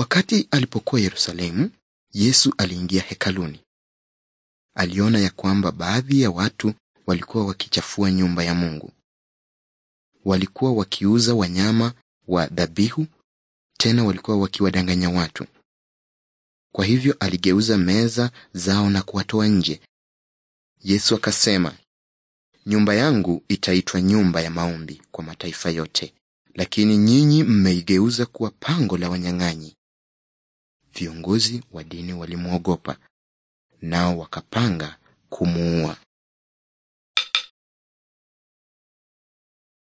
Wakati alipokuwa Yerusalemu, Yesu aliingia hekaluni. Aliona ya kwamba baadhi ya watu walikuwa wakichafua nyumba ya Mungu. Walikuwa wakiuza wanyama wa dhabihu, tena walikuwa wakiwadanganya watu. Kwa hivyo aligeuza meza zao na kuwatoa nje. Yesu akasema, nyumba yangu itaitwa nyumba ya maombi kwa mataifa yote, lakini nyinyi mmeigeuza kuwa pango la wanyang'anyi. Viongozi wa dini walimwogopa, nao wakapanga kumuua.